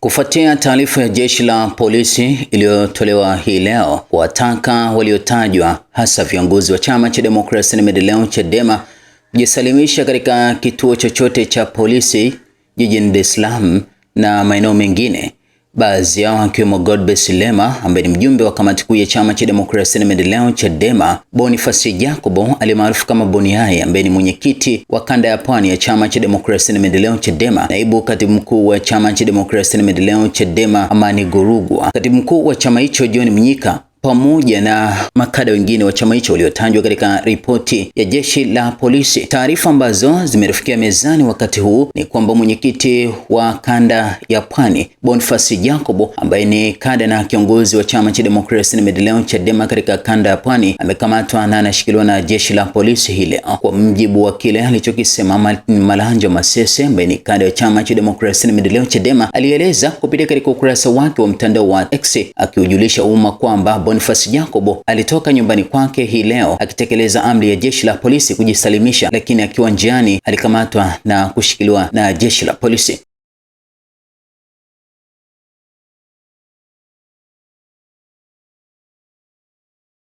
Kufuatia taarifa ya jeshi la polisi iliyotolewa hii leo kuwataka waliotajwa hasa viongozi wa chama cha demokrasia na maendeleo Chadema kujisalimisha katika kituo chochote cha polisi jijini Dar es Salaam na maeneo mengine Baadhi yao akiwemo Godbless Lema ambaye ni mjumbe wa kamati kuu ya chama cha demokrasia na maendeleo Chadema, Boniface Jacobo aliyemaarufu kama Boni ambaye ni mwenyekiti wa kanda ya pwani ya chama cha demokrasia na maendeleo Chadema, naibu katibu mkuu wa chama cha demokrasia na maendeleo Chadema Amani Gorugwa, katibu mkuu wa chama hicho John Mnyika pamoja na makada wengine wa chama hicho waliotajwa katika ripoti ya jeshi la polisi. Taarifa ambazo zimefikia mezani wakati huu ni kwamba mwenyekiti wa kanda ya Pwani Boniface Jacobo ambaye ni kada na kiongozi wa chama cha demokrasia na maendeleo Chadema katika kanda ya Pwani amekamatwa na anashikiliwa na jeshi la polisi hii leo, kwa mjibu wa kile alichokisema Martin Malanja Masese ambaye ni kada ya chama cha demokrasia na maendeleo Chadema, alieleza kupitia katika ukurasa wake wa mtandao wa X akiujulisha umma kwamba Bonifasi Jacobo alitoka nyumbani kwake hii leo akitekeleza amri ya jeshi la polisi kujisalimisha, lakini akiwa njiani alikamatwa na kushikiliwa na jeshi la polisi.